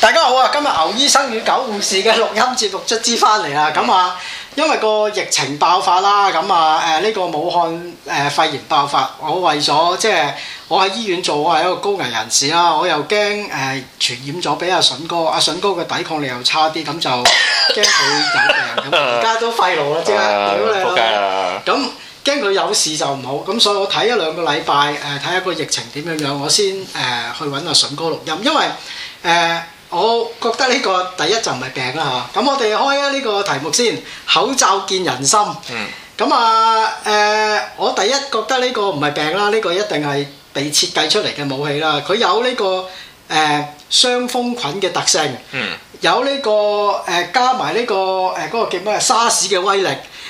大家好啊！今日牛醫生與狗護士嘅錄音節目卒之翻嚟啦。咁啊，因為個疫情爆發啦，咁啊，誒、呃、呢、這個武漢誒、呃、肺炎爆發，我為咗即係我喺醫院做，我係一個高危人士啦，我又驚誒傳染咗俾阿筍哥，阿筍哥嘅抵抗力又差啲，咁就驚佢有病。咁而家都肺癆啦， 即係，屌你啦！咁驚佢有事就唔好。咁所以我睇一兩個禮拜，誒、呃、睇一個疫情點樣樣，我先誒、呃、去搵阿筍哥錄音，因為誒。呃呃我覺得呢、呢個第一就唔係病啦嚇，咁、啊、我哋開啊呢個題目先，口罩見人心。咁、嗯、啊誒、呃，我第一覺得呢個唔係病啦，呢、呢個一定係被設計出嚟嘅武器啦。佢有呢、呢個誒、呃、雙風菌嘅特性，嗯、有呢、呢個誒、呃、加埋呢、呢個誒嗰、呃嗰個叫咩沙士嘅威力。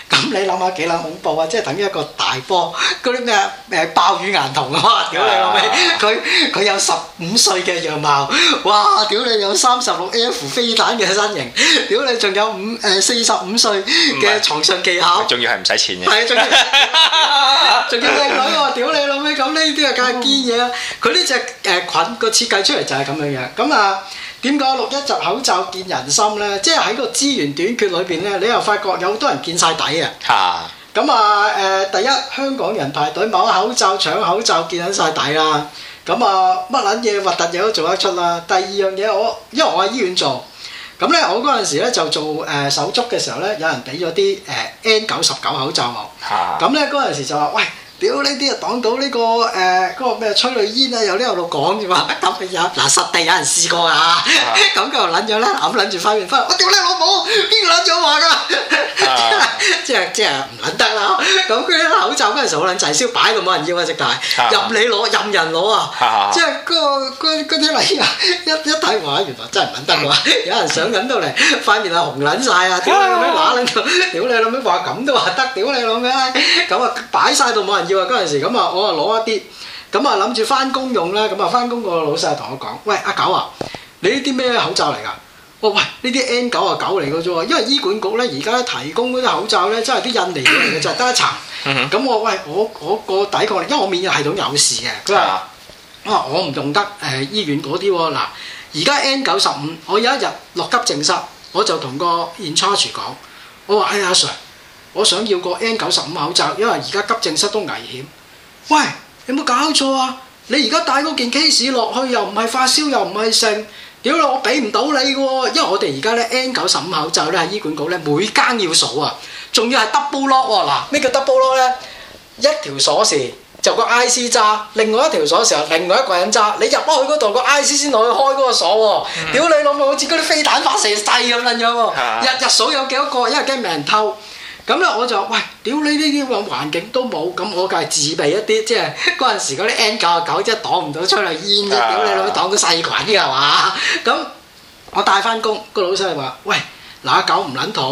咁你諗下幾撚恐怖啊？即係等於一個大波，嗰啲咩誒爆乳顏童啊！屌你老味，佢佢有十五歲嘅樣貌，哇！屌、呃、你有三十六 F 飛彈嘅身形！屌你仲有五誒四十五歲嘅床上技巧，仲是要係唔使錢嘅，係仲 要仲要靚女喎！屌你老味，咁呢啲啊梗係堅嘢啦！佢呢隻誒菌個、呃、設計出嚟就係咁樣樣，咁啊～點解六一集口罩見人心咧？即係喺個資源短缺裏邊咧，你又發覺有好多人見晒底啊！嚇、啊！咁啊誒，第一，香港人排隊買口罩搶口罩見緊晒底啦。咁啊乜撚嘢核突嘢都做得出啦。第二樣嘢我因為我喺醫院做，咁咧我嗰陣時咧就做誒、呃、手足嘅時候咧，有人俾咗啲誒 N 九十九口罩我。嚇、啊！咁咧嗰陣時就話喂。屌呢啲啊，擋到呢個誒嗰個咩催淚煙啊，又呢度度講住嘛，乜撻乜嗱實地有人試過啊，咁佢又撚咗啦，揞撚住塊面翻嚟，我屌你老母，邊撚咗話㗎？即係即係唔撚得啦！咁佢啲口罩嗰陣時，好撚滯銷擺到冇人要啊，直頭，任你攞，任人攞啊！即係嗰個嗰嗰啲嚟啊，一睇話原來真係唔撚得㗎，有人上緊到嚟，塊面啊紅撚晒啊，屌你老味話屌你老味話咁都話得，屌你老味，咁啊擺晒到冇人要啊！嗰陣時咁啊，我啊攞一啲，咁啊諗住翻工用啦。咁啊翻工個老細同我講：喂，阿九啊，你呢啲咩口罩嚟㗎？我喂呢啲 N99 嚟嘅啫喎。因為醫管局咧而家提供嗰啲口罩咧，真係啲印尼嚟嘅， 就係得一層。咁我喂我我個抵抗力，因為我免疫系統有事嘅。佢話：啊， 我唔用得誒、呃、醫院嗰啲喎。嗱，而家 N95，我有一日落急症室，我就同個 in charge 講：我話哎阿 Sir 我想要個 N 九十五口罩，因為而家急症室都危險。喂，有冇搞錯啊？你而家帶嗰件 case 落去又唔係發燒又唔係性，屌你，我俾唔到你嘅喎。因為我哋而家咧 N 九十五口罩咧喺醫管局咧每間要數啊，仲要係 double lock 喎。嗱，咩叫 double lock 咧？一條鎖匙就個 IC 揸，另外一條鎖匙又另外一個人揸。你入返去嗰度個 IC 先攞去開嗰個鎖喎。屌你老母，好似嗰啲飛彈發射掣咁樣樣喎。日日數有幾多個，因為驚俾人偷。咁咧我就喂，屌你呢啲咁環境都冇，咁我梗係自備一啲，即係嗰陣時嗰啲 N 九十九，即係擋唔到出嚟煙嘅，啊、屌你老母擋到細菌嘅係嘛？咁我帶翻工，個老細話：喂，嗱、那個啊，阿九唔撚妥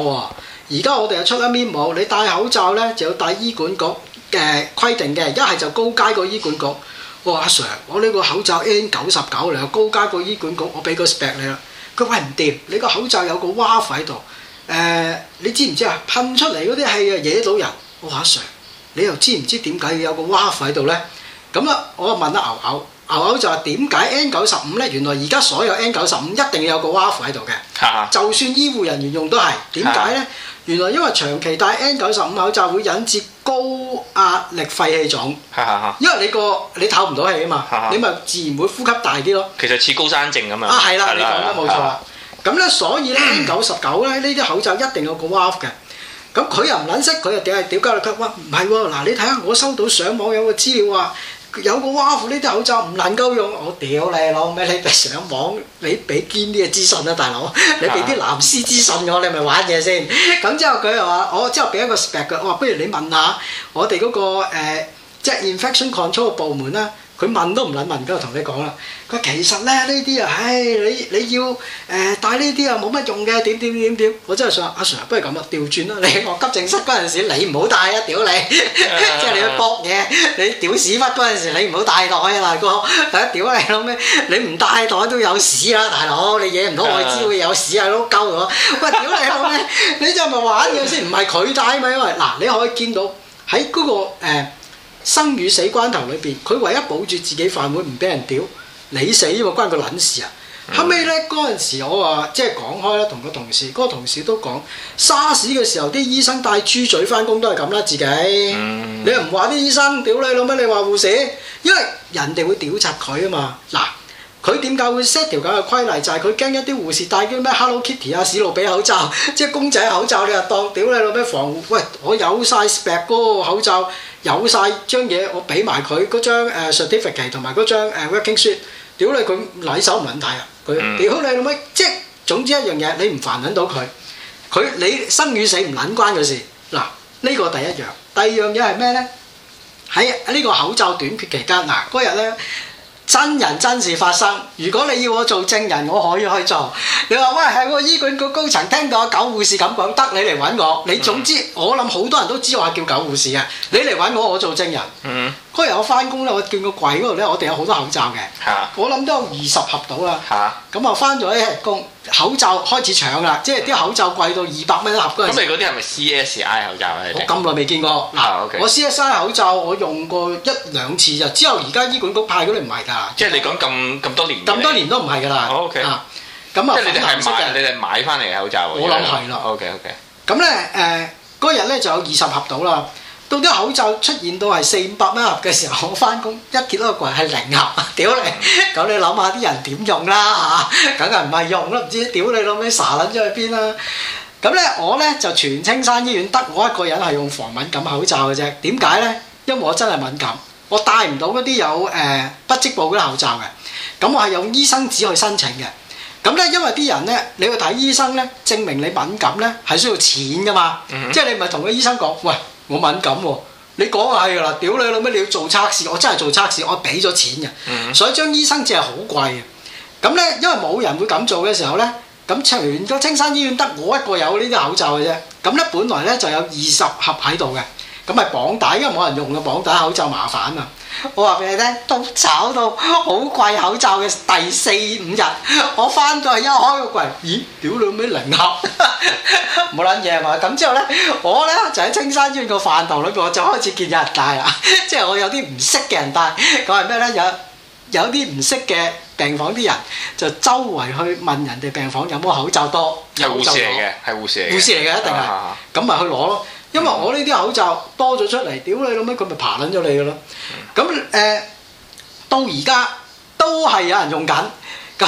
喎！而家我哋又出緊 memo，你戴口罩咧就要戴醫管局嘅規定嘅，一係就高階個醫管局。我話阿 Sir，我呢個口罩 N 九十九嚟，高階個醫管局，我俾個 spec 你啦。佢話唔掂，你個口罩有個 WiFi 喺度。誒、呃，你知唔知啊？噴出嚟嗰啲氣啊，惹到人，我話説，Sir, 你又知唔知點解要有個蛙肺喺度呢？咁啦，我啊問阿牛牛，牛牛就話點解 N 九十五呢？原來而家所有 N 九十五一定要有個蛙肺喺度嘅，啊、就算醫護人員用都係。點解呢？啊、原來因為長期戴 N 九十五口罩會引致高壓力肺氣腫，啊、因為你個你唞唔到氣啊嘛，啊你咪自然會呼吸大啲咯。其實似高山症咁樣啊，係啦、啊，你講得冇錯。咁咧，所以咧，九十九咧，呢啲口罩一定有一個 warp 嘅。咁佢又唔撚識，佢又屌係屌加嚟 c u 佢話唔係喎，嗱、啊、你睇下我收到上網有個資料話、啊，有個 warp 呢啲口罩唔能夠用。我屌你老咩？你上網俾俾堅啲嘅資訊啦、啊，大佬。啊、你俾啲藍絲資訊我、啊，你係咪玩嘢先。咁之後佢又話：我之後俾一個 spec 嘅。我話不如你問下我哋嗰、嗰個即係、呃、infection control 部門啦。佢問都唔撚問㗎，我同你講啦。佢其實咧呢啲啊，唉、哎，你你要誒帶呢啲啊冇乜用嘅，點點點點。我真係想阿、啊、Sir 不如咁啦，調轉啦。你我急症室嗰陣時，你唔好帶啊，屌你！即 係 你去搏嘢，你屌屎忽嗰陣時，你唔好帶袋啊，大哥，哥。大家屌你老咩？你唔帶袋都有屎啦、啊，大佬。你惹唔多外焦嘅有屎啊，碌鳩咗。喂， 屌你老咩？你即係咪玩嘢先？唔係佢帶咪？嗱，你可以見到喺嗰、哎那個、呃生與死關頭裏邊，佢唯一保住自己飯碗唔俾人屌，你死喎關佢撚事啊！嗯、後尾呢，嗰陣時我，我話即係講開啦，同個同事，嗰、那個同事都講沙士嘅時候，啲醫生戴豬嘴返工都係咁啦，自己、嗯、你又唔話啲醫生屌你老咩？你話護士，因為人哋會屌察佢啊嘛，嗱。佢點解會 set 條咁嘅規例？就係佢驚一啲護士戴啲咩 Hello Kitty 啊、史路比口罩，即係公仔口罩，你話當屌你老味防護？喂，我有晒 spec 嗰個口罩，有晒張嘢，我俾埋佢嗰張 certificate 同埋嗰張誒 working sheet。屌你佢攋手唔問題啊！佢屌你老味，嗯、即係總之一樣嘢，你唔煩揾到佢。佢你生與死唔撚關嘅事。嗱，呢、呢個第一樣，第二樣嘢係咩咧？喺呢個口罩短缺期間。嗱，嗰日咧。真人真事發生，如果你要我做證人，我可以去做。你話喂係喎，醫管局高層聽到狗護士咁講，得你嚟揾我。你總之，我諗好多人都知我叫狗護士啊！你嚟揾我，我做證人。嗯。嗰日我翻工咧，我見個櫃嗰度咧，我哋有好多口罩嘅。嚇、啊！我諗都有二十盒到啦。嚇！咁啊，翻咗咧，個口罩開始搶啦，即係啲口罩貴到二百蚊一盒陣時。咁、嗯、你嗰啲係咪 C S I 口罩咧？我咁耐未見過。嗱、啊，okay. 我 C S I 口罩我用過一兩次就，之後而家醫管局派嗰啲唔係㗎。啊、即係你講咁咁多年。咁多年都唔係㗎啦。O K、啊。咁、okay. 啊，即係你哋係買，你哋買翻嚟嘅口罩。我諗係啦。O K O K。咁、呃、咧，誒，嗰日咧就有二十盒到啦。到啲口罩出現到係四五百蚊盒嘅時候，我翻工一揭到個櫃係零盒，屌你！咁你諗下啲人點用啦嚇？梗係唔係用啦？唔知屌你老味，嘥撚咗去邊啦？咁咧，我咧就全青山醫院得我一個人係用防敏感口罩嘅啫。點解咧？因為我真係敏感，我戴唔到嗰啲有誒不織布嗰啲口罩嘅。咁我係用醫生紙去申請嘅。咁咧，因為啲人咧，你去睇醫生咧，證明你敏感咧，係需要錢噶嘛。即係、嗯、哼你唔係同個醫生講，喂。我敏感喎、啊，你講下係啦，屌你老味，你要做測試，我真係做測試，我俾咗錢嘅，嗯、所以張醫生紙係好貴嘅。咁呢，因為冇人會咁做嘅時候呢，咁全個青山醫院得我一個有呢啲口罩嘅啫。咁呢，本來呢就有二十盒喺度嘅，咁係綁帶，因為冇人用啊，綁帶口罩麻煩啊。我話俾你聽，都炒到好貴口罩嘅第四五日，我翻到去一開個櫃，咦，屌你媽，零盒，冇捻嘢係嘛？咁之後呢，我呢，就喺青山醫院個飯堂裏邊，我就開始見有人戴啦，即係我有啲唔識嘅人戴，講係咩呢？有有啲唔識嘅病房啲人，就周圍去問人哋病房有冇口罩多，有護士嚟嘅，係護士嚟嘅，護士嚟嘅一定係，咁咪、啊、去攞咯。因為我呢啲口罩多咗出嚟，屌你老味，佢咪爬撚咗你噶咯？咁誒到而家都係有人用緊，咁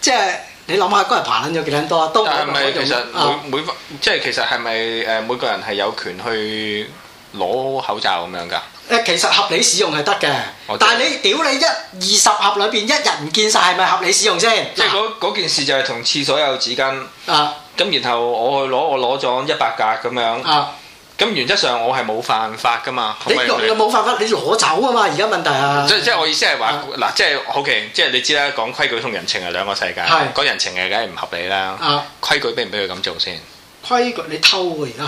即係你諗下，嗰日爬撚咗幾撚多啊？都唔係其實每每即係其實係咪誒每個人係有權去攞口罩咁樣㗎？誒，其實合理使用係得嘅，但係你屌你一二十盒裏邊一日唔見晒係咪合理使用先？即係嗰件事就係同廁所有紙巾啊！咁然後我去攞，我攞咗一百格咁樣啊！咁原則上我係冇犯法噶嘛？你用又冇犯法，你攞走啊嘛！而家問題啊，即即我意思係話嗱，即係好 k 即係你知啦，講規矩同人情係兩個世界，講人情係梗係唔合理啦。規矩俾唔俾佢咁做先？規矩你偷嘅而家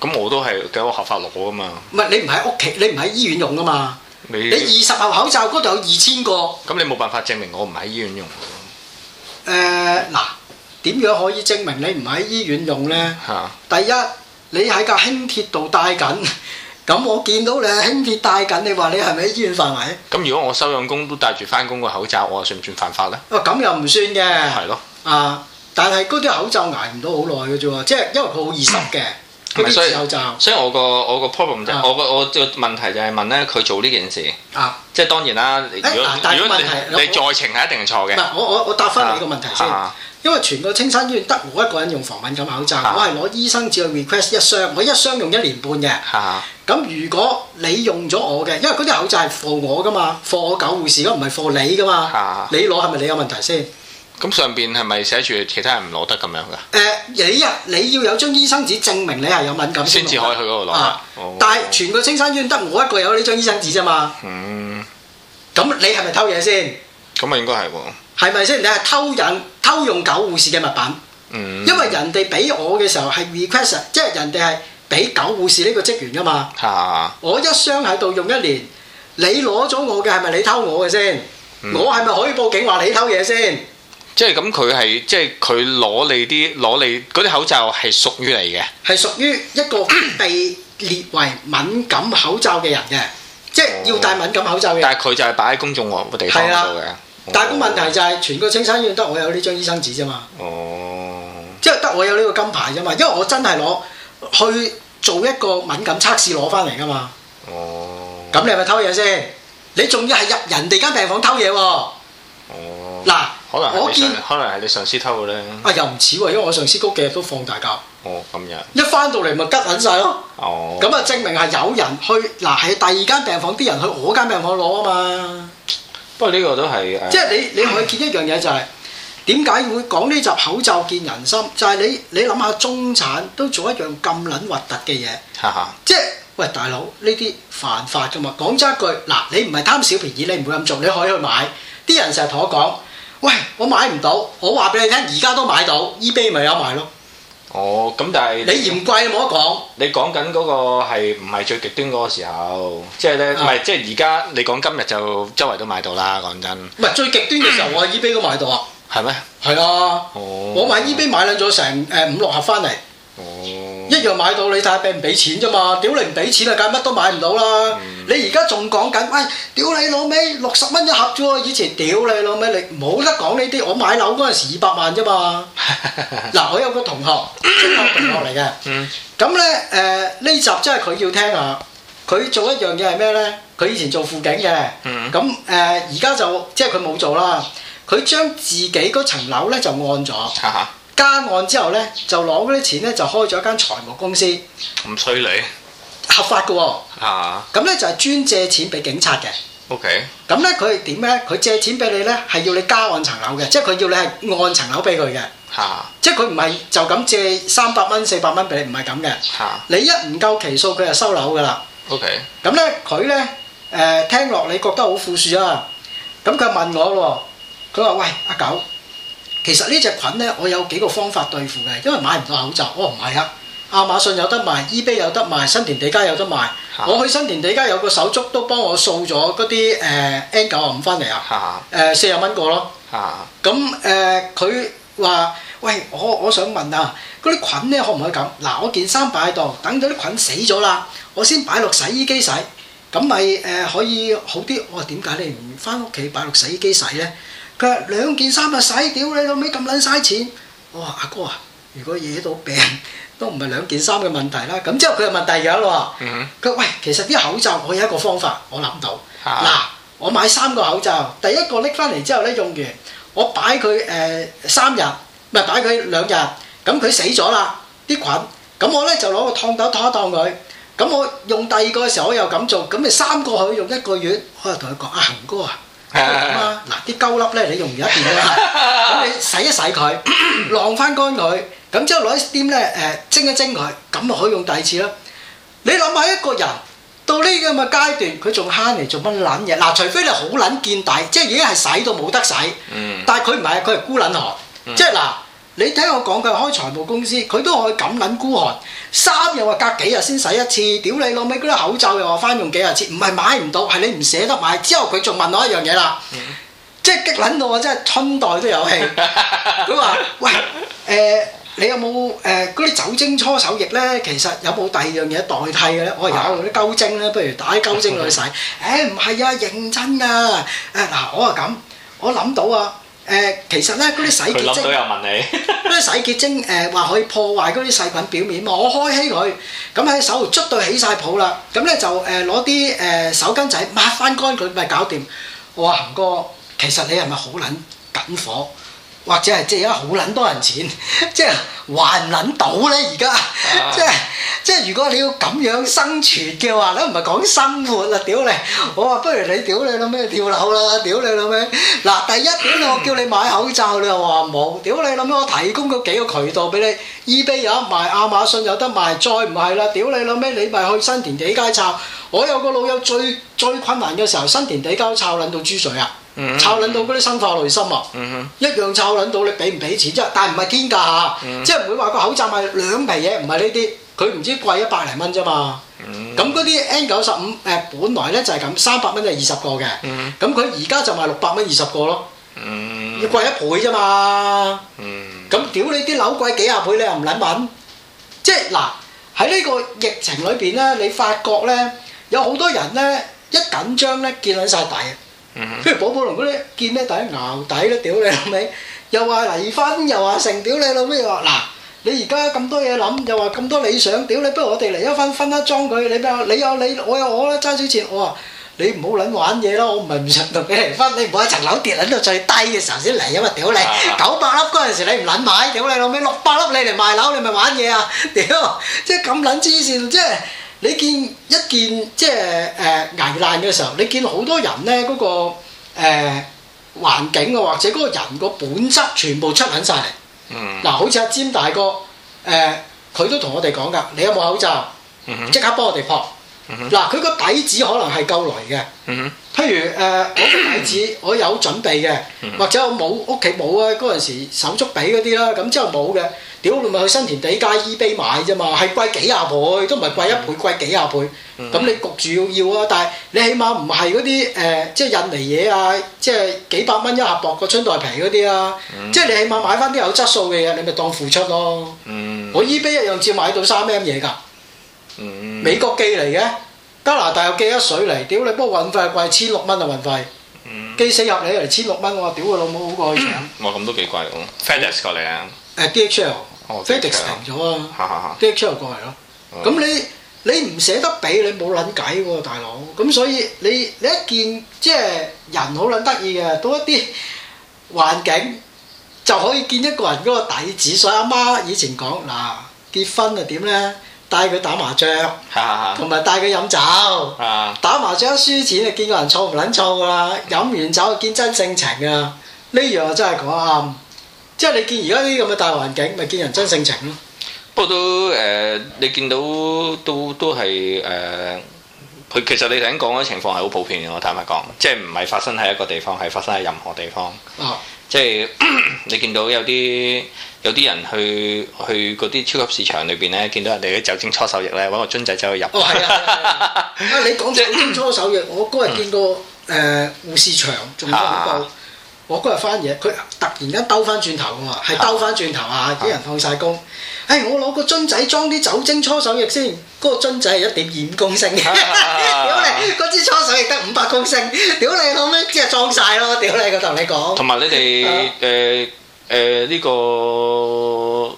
係，咁我都係嘅，我合法攞啊嘛。唔係你唔喺屋企，你唔喺醫院用啊嘛。你二十盒口罩嗰度有二千個，咁你冇辦法證明我唔喺醫院用。誒嗱，點樣可以證明你唔喺醫院用咧？第一。你喺架輕鐵度戴緊，咁我見到你喺輕鐵戴緊，你話你係咪喺醫院範圍咧？咁如果我收養工都戴住翻工個口罩，我算唔算犯法咧？哦，咁又唔算嘅。係咯。啊，但係嗰啲口罩捱唔到好耐嘅啫喎，即係因為佢好易濕嘅。所以口罩。所以，我個我個 problem 即係我個我個問題就係問咧，佢做呢件事。啊。即係當然啦。誒，但係問題，你在情係一定係錯嘅。我我我答翻你個問題先。因為全個青山醫院得我一個人用防敏感口罩，我係攞醫生紙去 request 一箱，我一箱用一年半嘅。咁如果你用咗我嘅，因為嗰啲口罩係 for 我噶嘛，for 我九護士，而家唔係 for 你噶嘛。你攞係咪你有問題先？咁上邊係咪寫住其他人唔攞得咁樣嘅？誒，你啊，你要有張醫生紙證明你係有敏感症先至可以去嗰度攞。但係全個青山醫院得我一個有呢張醫生紙啫嘛。嗯。咁你係咪偷嘢先？咁啊，應該係喎。係咪先？你係偷人。偷用狗護士嘅物品，嗯、因為人哋俾我嘅時候係 request，即係人哋係俾狗護士呢個職員噶嘛。啊、我一箱喺度用一年，你攞咗我嘅係咪你偷我嘅先？嗯、我係咪可以報警話你偷嘢先？即係咁，佢係即係佢攞你啲攞你啲口罩係屬於你嘅，係屬於一個被列為敏感口罩嘅人嘅，嗯、即係要戴敏感口罩嘅。但係佢就係擺喺公眾嘅地方度嘅的。但係個問題就係，全個青山醫院得我有呢張醫生紙啫嘛，哦，即係得我有呢個金牌啫嘛，因為我真係攞去做一個敏感測試攞翻嚟噶嘛。哦，咁你係咪偷嘢先？你仲要係入人哋間病房偷嘢喎、啊？嗱、哦喇，可能。我見可能係你上司偷嘅咧。啊，又唔似喎，因為我上司谷幾日都放大假。哦，今日。一翻到嚟咪吉緊晒咯。哦、嗯。咁啊，證明係有人去，嗱，係第二間病房啲人去我間病房攞啊嘛。不過呢個都係即係你、嗯、你可以見一樣嘢就係點解會講呢集口罩見人心？就係、是、你你諗下，中產都做一樣咁撚核突嘅嘢， 即係喂大佬呢啲犯法噶嘛？講真一句，嗱，你唔係貪小便宜，你唔會咁做，你可以去買。啲人成日同我講：喂，我買唔到，我話俾你聽，而家都買到，eBay 咪有賣咯。哦，咁但係你，你嫌貴冇得講？你講緊嗰個係唔係最極端嗰個時候？即係咧，唔係即係而家你講今日就周圍都買到啦，講真。唔係最極端嘅時候， 我依邊都買到嗎啊。係咩、哦 e？係啊。哦。我喺依邊買兩組成誒五六盒翻嚟。哦。一樣買到，你睇下俾唔俾錢啫嘛？屌你唔俾錢啊，梗係乜都買唔到啦。嗯。你而家仲講緊？喂、哎，屌你老味，六十蚊一盒啫喎！以前屌你老味，你冇得講呢啲。我買樓嗰陣時二百萬啫嘛。嗱， 我有個同學，中學同學嚟嘅。嗯。咁 咧，誒呢、呃、集真係佢要聽啊！佢做一樣嘢係咩咧？佢以前做輔警嘅。嗯。咁 誒，而家、呃、就即係佢冇做啦。佢將自己嗰層樓咧就按咗，加按之後咧就攞嗰啲錢咧就開咗一間財務公司。咁吹你？合法嘅喎、哦，咁咧、啊、就係專借錢俾警察嘅。O K，咁咧佢點咧？佢借錢俾你咧，係要你加按層樓嘅，即係佢要你係按層樓俾佢嘅。吓、啊，即係佢唔係就咁借三百蚊四百蚊俾你，唔係咁嘅。吓、啊，你一唔夠期數，佢就收樓噶啦。O K，咁咧佢咧，誒、呃，聽落你覺得好富庶啊？咁佢問我喎，佢話喂阿狗，其實隻呢隻菌咧，我有幾個方法對付嘅，因為買唔到口罩，我唔係啊。亞馬遜有得賣 eBay 有得賣，啊、新田地街有得賣。我去新田地街有個手足都幫我掃咗嗰啲誒 N 九啊五翻嚟啊，誒四十蚊個咯。咁誒佢話：喂，我我想問啊，嗰啲菌咧可唔可以咁？嗱，我件衫擺喺度，等咗啲菌死咗啦，我先擺落洗衣機洗，咁咪誒可以好啲。我話點解你唔翻屋企擺落洗衣機洗咧？佢話兩件衫咪洗掉，屌你老味咁撚嘥錢。我話阿哥啊，如果惹到病。 都唔係兩件衫嘅問題啦，咁之後佢又問第二樣咯。佢話，喂，其實啲口罩我有一個方法，我諗到。嗱，我買三個口罩，第一個拎翻嚟之後咧用完，我擺佢誒三日，唔係擺佢兩日，咁佢死咗啦啲菌。咁我咧就攞個燙斗燙一燙佢。咁我用第二個嘅時候我又咁做，咁咪三個佢用一個月。我又同佢講啊，恆哥啊，嗱啲膠粒咧你用完一邊啦，咁你洗一洗佢，晾翻乾佢。咁之後攞啲點咧？誒、呃、蒸一蒸佢，咁咪可以用第二次咯。你諗下一個人到呢咁嘅階段，佢仲慳嚟做乜撚嘢？嗱、呃，除非你好撚見底，即係已經係洗到冇得洗，但係佢唔係，佢係孤撚寒。嗯、即係嗱、呃，你聽我講，佢開財務公司，佢都可以咁撚孤寒。衫又話隔幾日先洗一次，屌你老味！嗰啲口罩又話翻用幾日次，唔係買唔到，係你唔捨得買。之後佢仲問我一樣嘢啦，嗯、即係激撚到我，真係春袋都有氣。佢話，喂，誒。呃呃呃你有冇誒嗰啲酒精搓手液呢？其實有冇第二樣嘢代替嘅呢？啊、我話有啲酒精呢，不如打啲酒精去洗。誒唔係啊，認真噶、啊。誒嗱，我話咁，我諗到啊。誒、呃、其實呢，嗰啲洗潔精，佢又問你： 「洗潔精誒話、呃、可以破壞嗰啲細菌表面，我開起佢，咁喺手度捽到起晒泡啦。咁呢，就誒攞啲誒手巾仔抹翻乾佢，咪搞掂。我話恆哥，其實你係咪好撚緊火？或者係即係而家好撚多人錢，啊、即係還撚到咧而家，即係即係如果你要咁樣生存嘅話，你唔係講生活啦，屌你！我話不如你屌你老咩跳樓啦，屌你老咩？嗱，第一屌你，我叫你買口罩，你又話冇，屌你老咩？我提供個幾個渠道俾你，eBay 有得賣，亞馬遜有得賣，再唔係啦，屌你老咩？你咪去新填地街炒。我有個老友最最困難嘅時候，新填地街都炒撚到豬水啊！炒捻、嗯、到嗰啲生化雷心啊，嗯、哼一樣炒捻到你俾唔俾錢啫、啊，但唔係天價嚇，嗯、即係唔會話個口罩賣兩皮嘢，唔係呢啲，佢唔知貴一百零蚊啫嘛。咁嗰啲 N 九十五誒，本來咧就係咁，三百蚊就二十個嘅，咁佢而家就賣六百蚊二十個咯，要貴一倍啫嘛。咁屌、嗯、你啲樓貴幾十倍你，你又唔捻問？即係嗱，喺呢個疫情裏邊呢，你發覺呢，有好多人呢，一緊張呢，見捻晒底。跟住、嗯、寶寶龍嗰啲見得底熬底都屌你老味。又話離婚又話成屌你老味話嗱，你而家咁多嘢諗，又話咁多理想屌你，不，不如我哋嚟一翻分，分一莊佢，你有你有、啊、你，我有我啦，爭少錢我話你唔好撚玩嘢咯，我唔係唔想同你離婚，你唔好喺層樓跌撚到最低嘅時候先嚟，因為屌你九百粒嗰陣時你唔撚買，屌你老味，六百粒你嚟賣樓你咪玩嘢啊，屌即係咁撚痴線即係。你見一件，即係誒、呃、危難嘅時候，你見好多人咧嗰、那個誒、呃、環境啊，或者嗰個人個本質全部出緊晒。嗱、mm hmm. 啊，好似阿詹大哥誒，佢、呃、都同我哋講㗎，你有冇口罩？即、mm hmm. 刻幫我哋撲。嗱，佢個底子可能係夠雷嘅，譬如誒、呃，我個底子我有準備嘅，或者我冇屋企冇啊，嗰陣時手足比嗰啲啦，咁之後冇嘅，屌你咪去新田地街 E 杯買啫嘛，係貴幾廿倍，都唔係貴一倍，嗯、貴幾廿倍，咁、嗯、你焗住要要啦，但係你起碼唔係嗰啲誒，即係印尼嘢啊，即係幾百蚊一盒薄個春袋皮嗰啲啊。即係、嗯、你起碼買翻啲有質素嘅嘢，你咪當付出咯，嗯、我 E 杯一樣照買到三 M 嘢㗎。嗯、美國寄嚟嘅，加拿大又寄咗水嚟，屌你，你不過運費係貴，千六蚊啊運費，寄四盒你嚟千六蚊，我屌佢老母好貴嘅。我咁都幾貴咁，FedEx 過嚟啊？誒，DHL 哦，FedEx 停咗啊，DHL 又過嚟咯。咁你你唔捨得俾你冇捻計喎，大佬。咁所以你你一見即係人好捻得意嘅，到一啲環境就可以見一個人嗰個底子。所以阿媽以前講嗱，結婚啊點咧？帶佢打麻將，同埋 帶佢飲酒， 打麻將輸錢就見個人錯唔撚錯㗎喇，飲完酒啊見真性情啊！呢樣真係講啱，即係你見而家啲咁嘅大環境，咪、即係、見人真性情咯。不過、啊、都誒、呃，你見到都都係誒，佢、呃、其實你頭先講嗰情況係好普遍嘅。我坦白講，即係唔係發生喺一個地方，係發生喺任何地方。啊、即係你見到有啲。有啲人去去嗰啲超級市場裏邊咧，見到人哋嘅酒精搓手液咧，揾個樽仔走去入。哦，係啊！啊，啊 你講酒精搓手液，我嗰日見過誒、呃、護士長，仲有嗰個，啊、我嗰日翻嘢，佢突然間兜翻轉頭㗎嘛，係兜翻轉頭啊！啲人放晒工，誒，我攞個樽仔裝啲酒精搓手液先，嗰、那個樽仔係一點二五公升嘅，屌你，嗰支搓手液得五百公升，屌你，後屘即係裝晒咯，屌你，我同你講。同埋你哋誒。 uh 誒呢、這個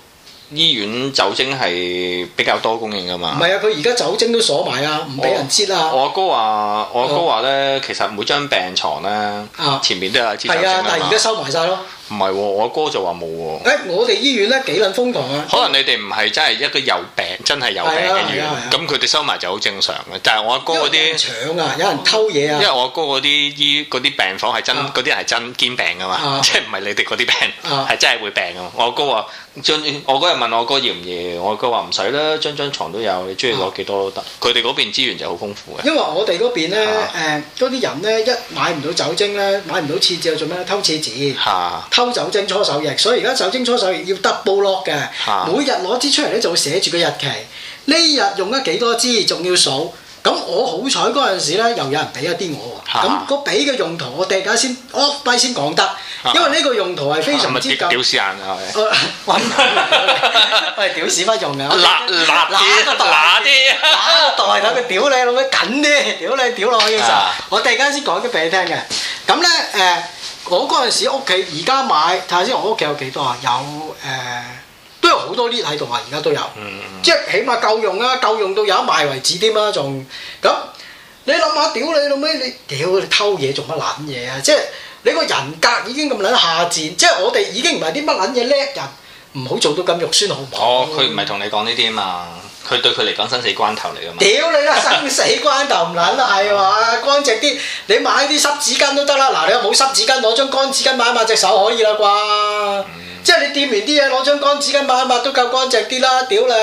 醫院酒精係比較多供應㗎嘛？唔係啊，佢而家酒精都鎖埋啊，唔俾人擠啊。我阿哥話，我阿哥話咧，嗯、其實每張病床咧，啊、前面都有支酒精啊嘛。係啊，但係而家收埋晒咯。 唔係喎，我阿哥就話冇喎。誒，我哋醫院咧幾撚瘋狂啊！可能你哋唔係真係一個有病，真係有病嘅醫院，咁佢哋收埋就好正常嘅。但係我阿哥嗰啲搶啊，有人偷嘢啊。因為我阿哥嗰啲醫啲病房係真，嗰啲人係真兼病噶嘛，即係唔係你哋嗰啲病係真係會病噶嘛。我阿哥話我嗰日問我哥要唔要？我哥話唔使啦，張張床都有，你中意攞幾多都得。佢哋嗰邊資源就好豐富嘅。因為我哋嗰邊咧誒，嗰啲人咧一買唔到酒精咧，買唔到廁紙，做咩偷廁紙？偷。抽酒精搓手液，所以而家酒精搓手液要 double lock 嘅，每日攞支出嚟咧就會寫住個日期，呢日用咗幾多支，仲要數。咁我好彩嗰陣時咧，又有人俾一啲我喎，咁個俾嘅用途我第二間先噏低先講得，因為呢個用途係非常之屌屎眼係咪？揾喂，屌屎忽用㗎？辣辣辣啲？哪個袋睇佢屌你老味緊啲？屌你屌落去嘅時候，我第二間先講咗俾你聽嘅。咁咧誒？我嗰陣時屋企而家買睇下先，看看我屋企有幾多啊？有誒、呃、都有好多啲喺度啊！而家都有，嗯、即係起碼夠用啦、啊，夠用到有得賣為止添、啊、啦，仲咁你諗下屌你老味，你屌你偷嘢做乜撚嘢啊？即係你個人格已經咁撚下賤，即係我哋已經唔係啲乜撚嘢叻人，唔好做到咁肉酸好唔好、啊？哦，佢唔係同你講呢啲嘛。佢對佢嚟講生死關頭嚟㗎嘛？屌你啦！生死關頭唔撚係嘛？乾淨啲，你買啲濕紙巾都得啦。嗱，你又冇濕紙巾，攞張乾紙巾抹一抹隻手可以啦啩？嗯、即係你掂完啲嘢，攞張乾紙巾抹一抹都夠乾淨啲啦、啊。屌你！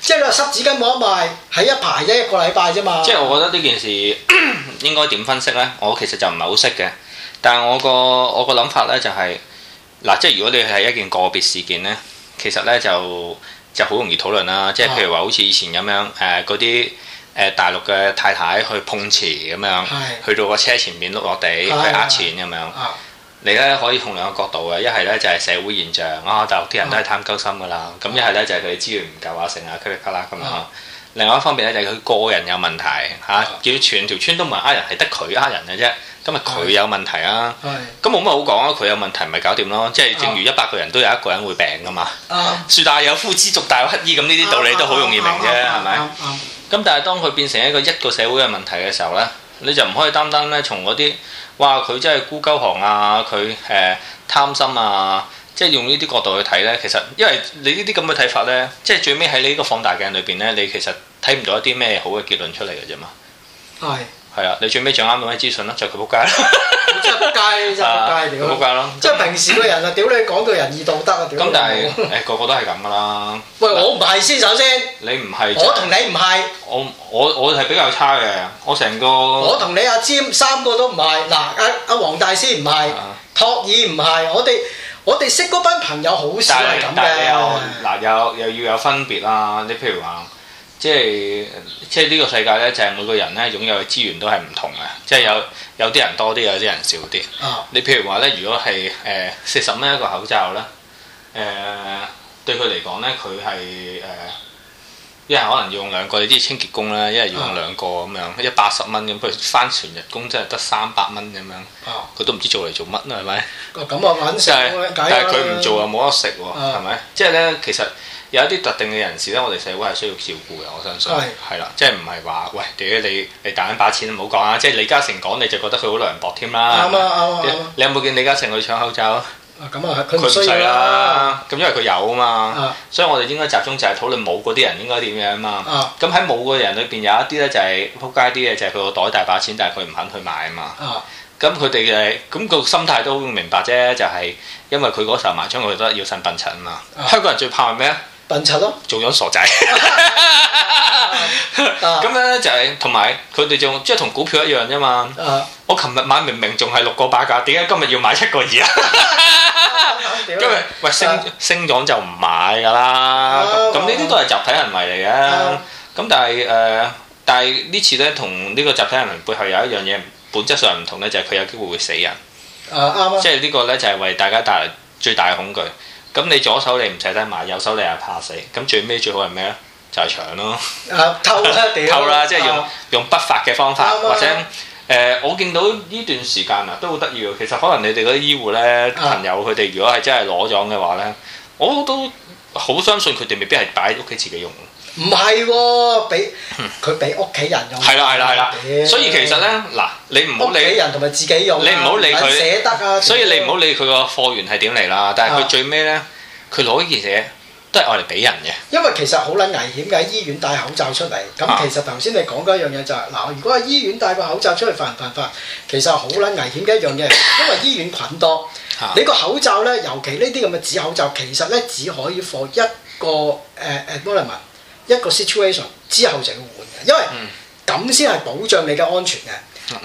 即係你話濕紙巾抹一抹，係一排啫，一個禮拜啫嘛。即係我覺得呢件事應該點分析呢？我其實就唔係好識嘅，但係我個我個諗法呢、就係，就係嗱，即係如果你係一件個別事件呢，其實呢就。就好容易討論啦，即係譬如話好似以前咁樣，誒嗰啲誒大陸嘅太太去碰瓷咁樣，的去到個車前面碌落地的去呃錢咁樣。你咧可以從兩個角度嘅，一係咧就係、是、社會現象啊，大陸啲人都係貪鳩心㗎啦，咁一係咧就係、是、佢資源唔夠啊，成日卡嚟卡啦咁啊。呃、的另外一方面咧就係、是、佢個人有問題嚇，叫、啊、的全條村都唔係呃人，係得佢呃人嘅啫。因為佢有問題啊？咁冇乜好講啊！佢的有問題咪搞掂咯？即係的正如一百個人都有一個人會病噶嘛。樹的大有枯枝，族大有乞兒，咁呢啲道理都好容易明啫，係咪？咁但係當佢變成一個一個社會嘅問題嘅時候呢，你就唔可以單單呢從嗰啲哇佢真係孤鳩行啊，佢誒貪心啊，即係用呢啲角度去睇呢。其實因為你呢啲咁嘅睇法呢，即係最尾喺你呢個放大鏡裏邊呢，你其實睇唔到一啲咩好嘅結論出嚟嘅啫嘛。係。係啊，你最尾掌握到咩資訊咧？就佢仆街啦，即仆街，即係仆街，屌！仆街咯，即係平時個人啊，屌你講句仁義道德啊，屌！咁但係，誒個個都係咁㗎喇。喂，我唔係先，首先你唔係，我同你唔係。我我我係比較差嘅，我成個我同你阿占三個都唔係，嗱阿阿黃大師唔係，托爾唔係，我哋我哋識嗰班朋友好少係咁嘅。嗱又又要有分別啦，你譬如話。即係即係呢個世界咧，就係每個人咧擁有嘅資源都係唔同嘅。嗯、即係有有啲人多啲，有啲人少啲。嗯、你譬如話咧，如果係誒四十蚊一個口罩咧，誒、呃、對佢嚟講咧，佢係誒一係可能要用兩個你知，清潔工啦，一係用兩個咁樣，一八十蚊咁，佢返全日工真係得三百蚊咁樣。佢、嗯、都唔知做嚟做乜啦，係咪？咁啊，但係佢唔做又冇得食喎，係咪、嗯？即係咧，其實。有一啲特定嘅人士咧，我哋社會係需要照顧嘅，我相信係啦是，即係唔係話喂屌你你大把錢唔好講啊！即係李嘉誠講你就覺得佢好涼薄添啦，啱啱啱！你有冇見李嘉誠去搶口罩啊？咁、嗯嗯嗯嗯、啊，佢唔需要啦。咁因為佢有啊嘛，啊所以我哋應該集中就係討論冇嗰啲人應該點樣啊嘛。咁喺冇嘅人裏邊有一啲咧就係撲街啲嘅，就係佢個袋大把錢，但係佢唔肯去買啊嘛。咁佢哋嘅咁個心態都明白啫，就係、是、因為佢嗰時候買張佢都要信笨診啊嘛。啊香港人最怕係咩啊？笨做咗傻仔。咁咧就係同埋佢哋仲即係同股票一樣啫嘛。我琴日買明明仲係六個八價，點解今日要買一個二啊？今日喂升升咗就唔買㗎啦。咁呢啲都係集體行為嚟嘅。咁但係誒，但係呢次咧同呢個集體行為背後有一樣嘢，本質上唔同咧，就係佢有機會會死人。即係呢個咧就係為大家帶嚟最大嘅恐懼。咁你左手你唔捨得買，右手你又怕死，咁最尾最好係咩呢？就係、是、搶咯， 偷啦，即係用、oh. 用不法嘅方法，oh. 或者誒、呃，我見到呢段時間啊都好得意啊。其實可能你哋嗰啲醫護呢，oh. 朋友佢哋如果係真係攞咗嘅話呢，我都好相信佢哋未必係擺喺屋企自己用。唔係，俾佢俾屋企人用。係啦，係啦，係啦。所以其實咧，嗱，你唔好理屋企人同埋自己用、啊，你唔好理佢捨得啊，啊。所以你唔好理佢個貨源係點嚟啦。但係佢最尾咧，佢攞呢件嘢都係愛嚟俾人嘅。因為其實好撚危險嘅，醫院戴口罩出嚟。咁其實頭先你講過一樣嘢就係，嗱，如果喺醫院戴個口罩出嚟，犯唔犯法？其實好撚危險嘅一樣嘢，因為醫院菌多。啊、你個口罩咧，尤其呢啲咁嘅紙口罩，其實咧只可以防一個誒誒、呃呃呃呃呃一個 situation 之後就要換嘅，因為咁先係保障你嘅安全嘅。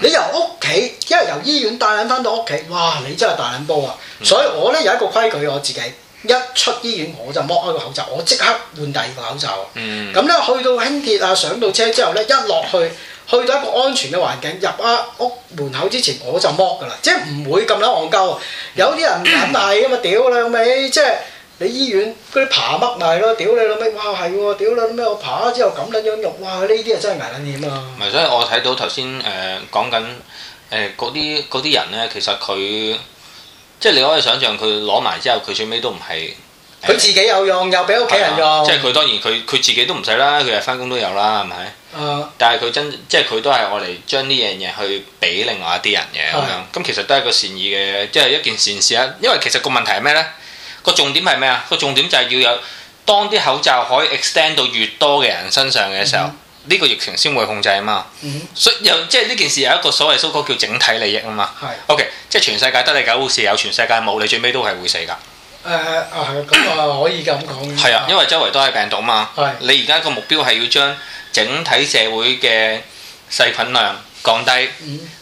你由屋企因為由醫院帶緊翻到屋企，哇！你真係大撚波啊！嗯、所以我咧有一個規矩，我自己一出醫院我就剝開個口罩，我即刻換第二個口罩。咁咧、嗯、去到輕鐵啊，上到車之後咧一落去，去到一個安全嘅環境，入啊屋門口之前我就剝㗎啦，即係唔會咁撚戇鳩。嗯、有啲人唔敢係啊嘛，屌你老味，即 係～你醫院嗰啲扒甩埋咯，屌你老味！哇，係喎，屌你老味！我扒之後咁撚樣用，哇！呢啲啊真係危險啊！唔係，所以我睇到頭先誒講緊誒嗰啲嗰啲人咧，其實佢即係你可以想象佢攞埋之後，佢最尾都唔係佢自己有用，又俾屋企人用。啊、即係佢當然，佢佢自己都唔使啦，佢係翻工都有啦，係咪？啊、但係佢真即係佢都係我哋將呢樣嘢去俾另外一啲人嘅咁樣，咁的其實都係一個善意嘅，即係一件善事啊！因為其實個問題係咩咧？個重點係咩啊？個重點就係要有當啲口罩可以 extend 到越多嘅人身上嘅時候，呢、mm hmm. 個疫情先會控制啊嘛。Mm hmm. 所以、mm hmm. 又即係呢件事有一個所謂 slogan 叫整體利益啊嘛。係、mm。Hmm. O、okay, K，即係全世界得你搞好事，有全世界冇你，最尾都係會死㗎。誒、uh, 啊，咁啊，啊可以咁講嘅。 係啊，因為周圍都係病毒啊嘛。Mm hmm. 你而家個目標係要將整體社會嘅細菌量降低，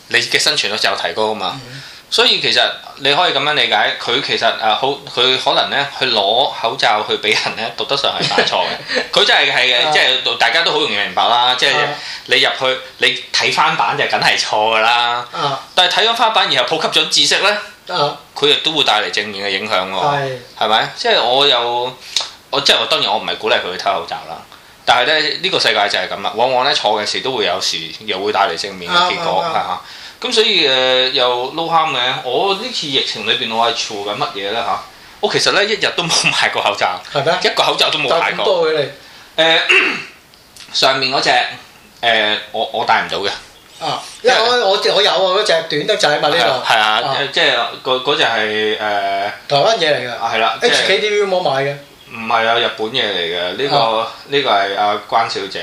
你嘅生存率就提高啊嘛。Hmm. Mm hmm. 所以其實你可以咁樣理解，佢其實誒、啊、好，佢可能咧去攞口罩去俾人咧，讀得上係犯錯嘅。佢 真係係嘅，即、就、係、是、大家都好容易明白啦。即、就、係、是、你入去，你睇翻版就梗係錯㗎啦。啊、但係睇咗翻版，然後普及咗知識咧，佢亦、啊、都會帶嚟正面嘅影響喎。係係咪？ 即係我有，我即係我當然我唔係鼓勵佢去攞口罩啦。但係咧，呢、呢個世界就係咁啦。往往咧錯嘅事都會有時又會帶嚟正面嘅結果㗎嚇。啊啊。咁所以誒又撈慘嘅，我呢次疫情裏邊我係做緊乜嘢咧嚇？我其實咧一日都冇買過口罩，係咩？一個口罩都冇戴過。多嘅你誒，上面嗰隻誒我我戴唔到嘅。啊，因為我我我有啊，嗰隻短得滯嘛呢個。係啊，即係嗰嗰隻係誒台灣嘢嚟㗎。係啦，HKTV 冇買嘅。唔係啊，日本嘢嚟嘅呢個呢個係阿關小姐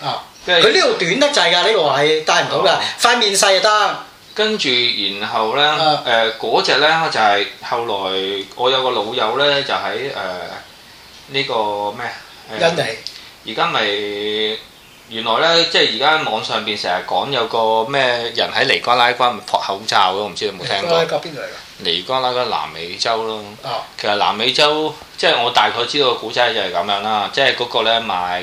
嘅。啊。佢呢度短得滯㗎，呢個係戴唔到㗎。塊面細就得。跟住，然後咧，誒嗰隻咧就係後來我有個老友咧，就喺誒呢個咩啊？印尼。而家咪原來咧，即係而家網上邊成日講有個咩人喺尼加拉瓜撲口罩㗎，我唔知你有冇聽過。尼加拉瓜邊度嚟㗎？尼加拉瓜南美洲咯。啊。其實南美洲即係我大概知道個古仔就係咁樣啦，即係嗰個咧賣。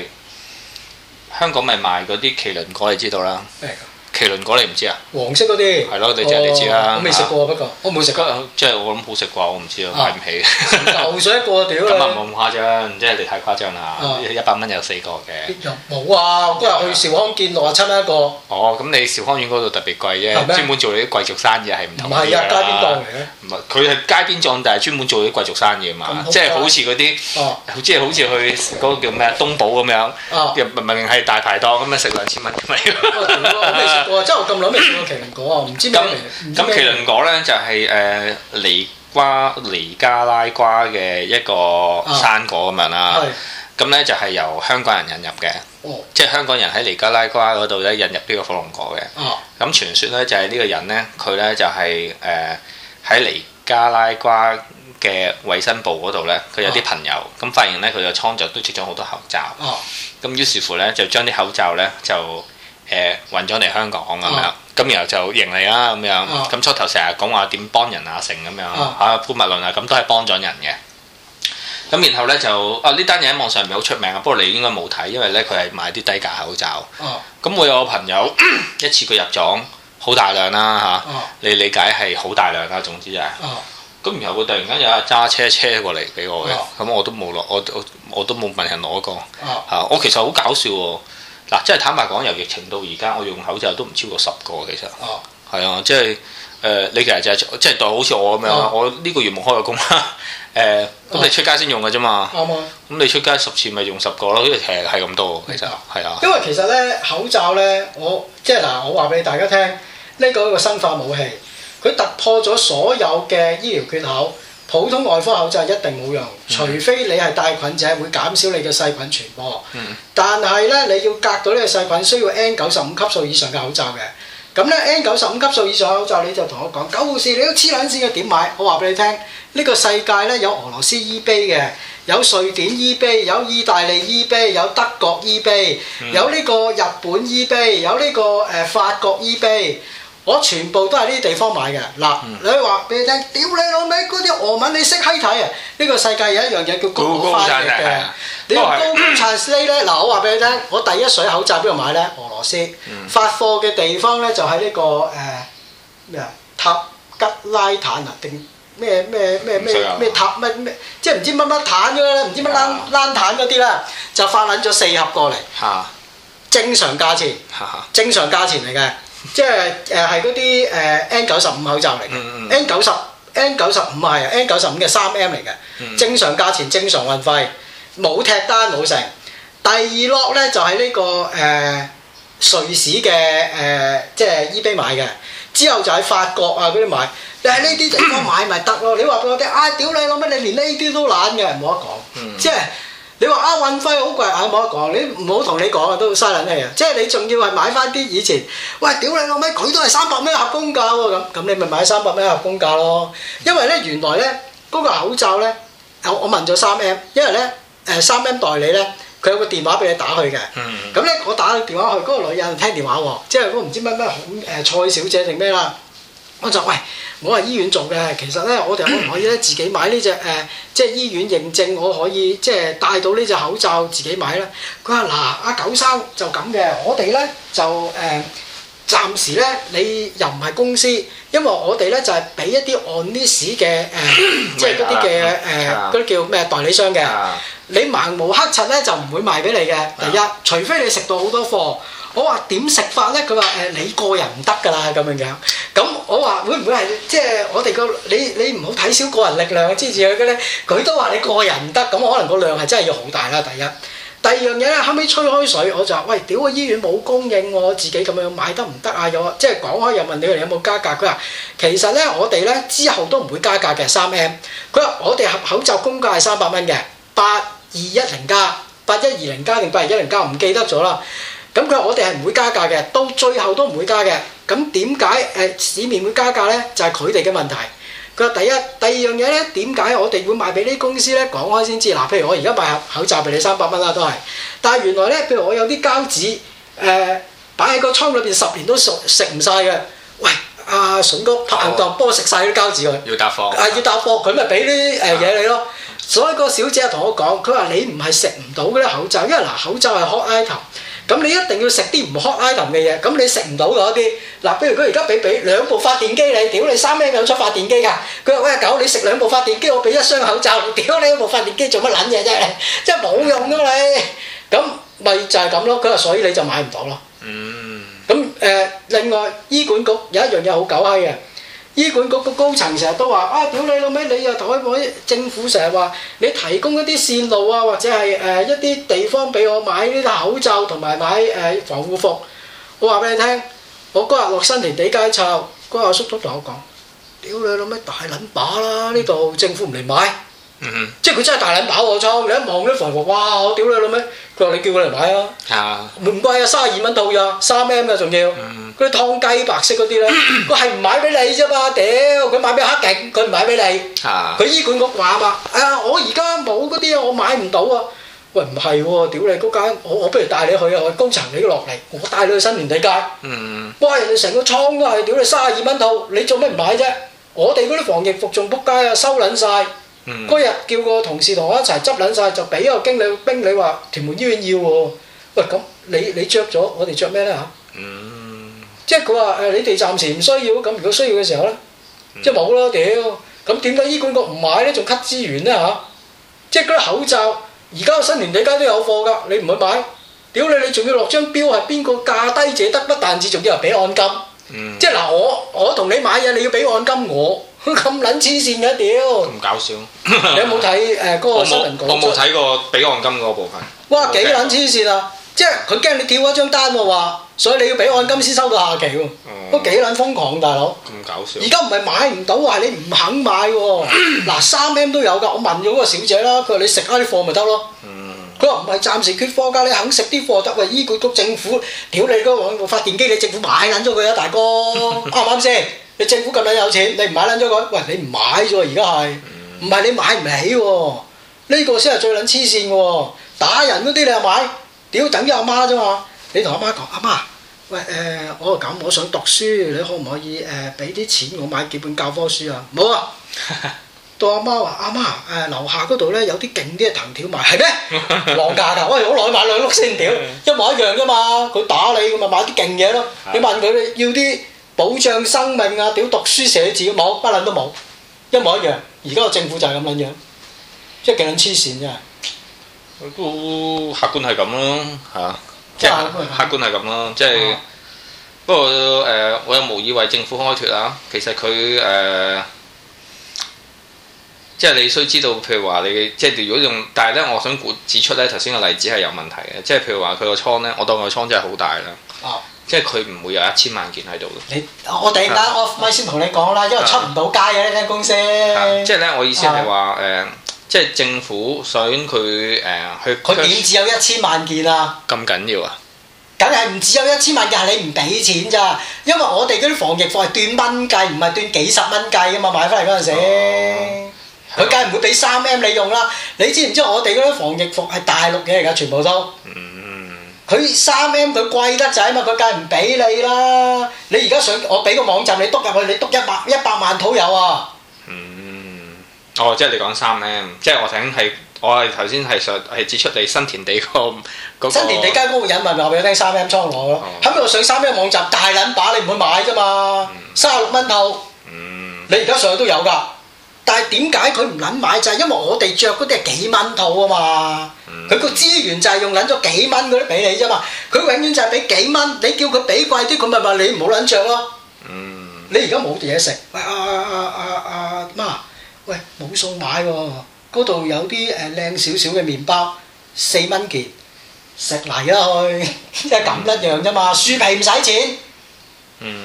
香港咪賣嗰啲麒麟果，你知道啦。嗯。麒麟果你唔知啊？黃色嗰啲係咯，你知係你知啦。我未食過不過，我冇食過。即係我諗好食啩，我唔知啊，買唔起。牛水一個屌啊！咁啊冇咁誇張，即係你太誇張啦。一百蚊有四個嘅。又冇啊！嗰日去兆康見六啊七蚊一個。哦，咁你兆康苑嗰度特別貴啫，專門做你啲貴族生意係唔同嘅。唔係啊，街邊檔嚟嘅。唔係佢係街邊檔，但係專門做啲貴族生意嘛，即係好似嗰啲，即係好似去嗰個叫咩東寶咁樣，明明係大排檔咁樣食兩千蚊哇！真係咁諗未試過麒麟果啊，唔知咩嚟？咁麒麟果咧就係、是、誒、呃、尼瓜尼加拉瓜嘅一個生果咁樣啦。咁咧、啊嗯、就係、是、由香港人引入嘅。哦、即係香港人喺尼加拉瓜嗰度咧引入呢個火龍果嘅。哦、啊，咁、嗯、傳說咧就係、是、呢個人咧，佢咧就係誒喺尼加拉瓜嘅衞生部嗰度咧，佢有啲朋友咁、啊嗯、發現咧佢個倉就都積咗好多口罩。哦、嗯，咁於是乎咧就將啲口罩咧就。誒運咗嚟香港咁樣，咁然後就盈利啦咁樣，咁初頭成日講話點幫人啊成咁樣嚇潘物論啊，咁都係幫咗人嘅。咁然後咧就啊呢單嘢喺網上唔係好出名啊，不過你應該冇睇，因為咧佢係買啲低價口罩。哦。咁我有個朋友 一次佢入獎好大量啦嚇，啊啊、你理解係好大量啦。總之就啊、係，咁然後佢突然間有揸車車過嚟俾我嘅，咁、啊、我都冇攞，我我，我都冇問人攞過嚇。我其實好搞笑喎。嗱，即係坦白講，由疫情到而家，我用口罩都唔超過十個，其實。哦。係啊，即係誒、呃，你其實就係、是、即係當好似我咁樣，哦、我呢個月冇開過工，誒、呃，咁、哦嗯、你出街先用嘅啫嘛。啱啊、哦。咁、嗯、你出街十次，咪用十個咯，其實係咁多，嗯、其實係啊。因為其實咧口罩咧，我即係嗱，我話俾大家聽，呢、這個一個生化武器，佢突破咗所有嘅醫療缺口。普通外科口罩一定冇用，除非你係帶菌者，會減少你嘅細菌傳播。但係咧，你要隔到呢個細菌，需要 N 九十五級數以上嘅口罩嘅。咁咧，N 九十五級數以上口罩，你就同我講，九護士，你都黐撚線嘅點買？我話俾你聽，呢個世界咧有俄羅斯 eBay 嘅，有瑞典 eBay，有意大利 eBay，有德國 eBay，有呢個日本 eBay，有呢個誒法國 eBay。我全部都係呢啲地方買嘅。嗱，你話俾你聽，屌你老味，嗰啲俄文你識閪睇啊？呢個世界有一樣嘢叫高級翻嘅。你高級 translate 咧，嗱，我話俾你聽，我第一水口罩邊度買咧？俄羅斯發貨嘅地方咧就喺呢個誒咩啊？塔吉拉坦啊？定咩咩咩咩咩塔咩咩？即係唔知乜乜坦咗啦，唔知乜蘭蘭坦嗰啲啦，就發撚咗四盒過嚟。嚇，正常價錢，正常價錢嚟嘅。即係誒係嗰啲誒 N 九十五口罩嚟嘅、mm hmm.，N 九十 N 九十五啊係 N 九十五嘅三 M 嚟嘅，mm hmm. 正常價錢，正常運費，冇踢單冇成。第二落咧就係、是、呢、這個誒、呃、瑞士嘅誒、呃，即係 Ebay 買嘅，之後就喺法國啊嗰啲買，你喺呢啲地方買咪得咯。你話俾我聽啊、哎，屌你老乜，你連呢啲都懶嘅，冇得講，mm hmm. 即係。你話啊，運費好貴，冇得講。你唔好同你講啊，都嘥冷氣啊！即係你仲要係買翻啲以前，喂，屌你老味，佢都係三百蚊盒公價喎。咁咁你咪買三百蚊盒公價咯。因為呢，原來呢，嗰、那個口罩呢，我，我問咗三 M，因為呢，誒、呃、三 M 代理呢，佢有個電話俾你打去嘅。咁呢、嗯嗯，我打電話去嗰、那個女人聽電話喎，即係嗰唔知乜乜誒蔡小姐定咩啦？我就喂，我係醫院做嘅，其實咧，我哋可唔可以咧自己買呢隻誒、呃，即係醫院認證我可以即係戴到呢隻口罩自己買咧？佢話嗱，阿、呃、九生就咁嘅，我哋咧就誒，暫、呃、時咧你又唔係公司，因為我哋咧就係、是、俾一啲按呢市嘅誒，即係嗰啲嘅誒，嗰、呃、啲 Yeah.、呃、叫咩代理商嘅，Yeah. 你盲無黑襯咧就唔會賣俾你嘅。第一，Yeah. 除非你食到好多貨。我話點食法呢？佢話誒，你個人唔得㗎啦咁樣樣。咁我話會唔會係即係我哋個，你你唔好睇小個人力量支持佢嘅呢。佢都話你個人唔得。咁可能個量係真係要好大啦。第一，第二樣嘢呢，後尾吹開水，我就話喂，屌！個醫院冇供應，我自己咁樣買得唔得啊？又即係講開又問你哋有冇加價？佢話其實呢，我哋呢，之後都唔會加價嘅三 M。佢話我哋合口罩公價三百蚊嘅八二一零加八一二零加定八二一零加，唔記得咗啦。咁佢我哋係唔會加價嘅，到最後都唔會加嘅。咁點解誒市面會加價呢？就係佢哋嘅問題。佢話第一、第二樣嘢呢？點解我哋會賣俾啲公司呢？講開先知嗱，譬如我而家賣口罩俾你三百蚊啦，都係。但係原來呢，譬如我有啲膠紙誒擺喺個倉裏邊十年都食食唔晒嘅。喂，阿、啊、順哥拍硬檔幫我食晒啲膠紙佢，要搭貨。啊，要搭貨佢咪俾啲誒嘢你咯。啊、所以個小姐同我講，佢話你唔係食唔到嘅口罩，因為嗱口罩係 hot item。咁你一定要食啲唔含埃林嘅嘢，咁你食唔到嗰啲。嗱，比如佢而家俾俾兩部發電機你，屌你三 million 出發電機㗎。佢話喂，狗，你食兩部發電機，我俾一箱口罩。屌你一部發電機做乜撚嘢啫？真係，真係冇用㗎嘛你。咁咪就係咁咯。佢話所以你就買唔到咯。嗯。咁誒，另外醫管局有一樣嘢好狗閪嘅。醫管局個高層成日都話：啊，屌你老味！你又同佢講政府成日話你提供一啲線路啊，或者係誒、呃、一啲地方俾我買呢啲口罩同埋買誒、呃、防護服。我話俾你聽，我嗰日落新填地街湊，嗰阿叔叔同我講：屌你老味，大撚把啦，啊！呢度政府唔嚟買。即係佢真係大捻飽個倉，你一望啲房屋，哇！我屌你老味，佢話你叫佢嚟買啊，唔貴啊，卅二蚊套啊，三 M 嘅仲要，嗰啲燙雞白色嗰啲咧，佢係唔買俾你啫嘛，屌佢買俾黑警，佢唔買俾你，佢醫管局話啊，我而家冇嗰啲啊，我買唔到啊，喂唔係，屌你嗰間，我我不如帶你去啊，我高層你落嚟，我帶你去新填地街，哇，人哋成個倉都係屌你卅二蚊套，你做咩唔買啫？我哋嗰啲防疫服仲仆街啊，收捻晒。嗰、嗯、日叫個同事同我一齊執撚晒，就俾個經理個兵理，你話屯門醫院要喎。喂，咁你你著咗，我哋着咩呢？吓？嗯，即係佢話誒，你哋暫時唔需要，咁如果需要嘅時候呢？即係冇啦屌！咁點解醫管局唔買呢？仲 cut 資源呢？吓、啊？即係嗰啲口罩，而家新年你家都有貨㗎，你唔去買，屌你！你仲要落張表，係邊個價低者得？不但止，仲要人俾按金。嗯、即係嗱，我我同你買嘢，你要俾按金，我咁撚黐線嘅屌！咁 搞笑， 你有冇睇誒嗰個新聞？我冇，我冇睇過俾按金嗰個部分。哇，幾撚黐線啊！ 即係佢驚你跳一張單喎，話所以你要俾按金先收到下期喎，嗯、都幾撚瘋狂，大佬。咁搞笑！而家唔係買唔到，係你唔肯買喎。嗱、 啊，三 M 都有噶，我問咗嗰個小姐啦，佢話你食開啲貨咪得咯。佢話唔係暫時缺貨㗎，你肯食啲貨得喎？醫管局政府屌你個發電機，你政府買撚咗佢啊，大哥啱唔啱先？你政府咁撚有錢，你唔買撚咗佢？喂，你唔買咗，而家係唔係你買唔起喎、哦？呢、呢個先係最撚黐線喎！打人嗰啲你又買？屌，等於阿媽啫嘛！你同阿媽講，阿媽，喂，誒、呃，我咁，我想讀書，你可唔可以誒俾啲錢我買幾本教科書啊？冇啊！ 我阿媽話：阿媽，誒、呃、樓下嗰度咧有啲勁啲嘅藤條賣，係咩落價㗎？喂， 我落去買兩碌先，屌 一模一樣啫嘛！佢打你㗎嘛，買啲勁嘢咯。 你問佢要啲保障生命啊？屌，讀書寫字都冇不撚都冇，一模一樣。而家個政府就係咁撚樣，即係勁黐線㗎！都客觀係咁咯，嚇、啊，即係 客觀係咁咯，即、就、係、是。 不過誒、呃，我又無意為政府開脱啊。其實佢誒。呃即係你需知道，譬如話你即係如果用，但係咧，我想指出咧頭先個例子係有問題嘅。即係譬如話佢個倉咧，我當佢個倉真係好大啦。哦、即係佢唔會有一千萬件喺度，你我突然間 off mic 先同你講啦，因為出唔到街嘅呢間公司。即係咧，我意思係話誒，即係政府想佢誒、呃、去。佢點只有一千萬件啊？咁緊要啊？梗係唔只有一千萬件，係你唔俾錢咋？因為我哋嗰啲防疫貨係斷蚊計，唔係斷幾十蚊計㗎嘛！買翻嚟嗰陣時。嗯佢梗係唔會俾三 M 你用啦！你知唔知我哋嗰啲防疫服係大陸嘅而家全部都。嗯。佢三 M 佢貴得滯嘛，佢梗係唔俾你啦！你而家上我俾個網站你督入去，你督一百一百萬套有啊！嗯。哦，即係你講三 M，即係我頂係我係頭先係上係指出你新田地、嗰個、嗰個、新田地間嗰個引文話俾你聽三 M 蒼龍咯，後屘我上三 M 網站大撚把，你唔會買啫嘛，三十六蚊套。嗯。你而家上去都有㗎。但係點解佢唔撚買就係、是、因為我哋着嗰啲係幾蚊套啊嘛，佢個、嗯、資源就係用撚咗幾蚊嗰啲俾你啫嘛，佢永遠就係俾幾蚊，你叫佢俾貴啲，咁咪話你唔好撚着咯。嗯，你而家冇嘢食，喂阿阿阿阿阿媽，喂冇餸買喎，嗰度有啲誒靚少少嘅麵包，四蚊件，食嚟啦去，即係咁一樣啫嘛，嗯，樹皮唔使錢。嗯，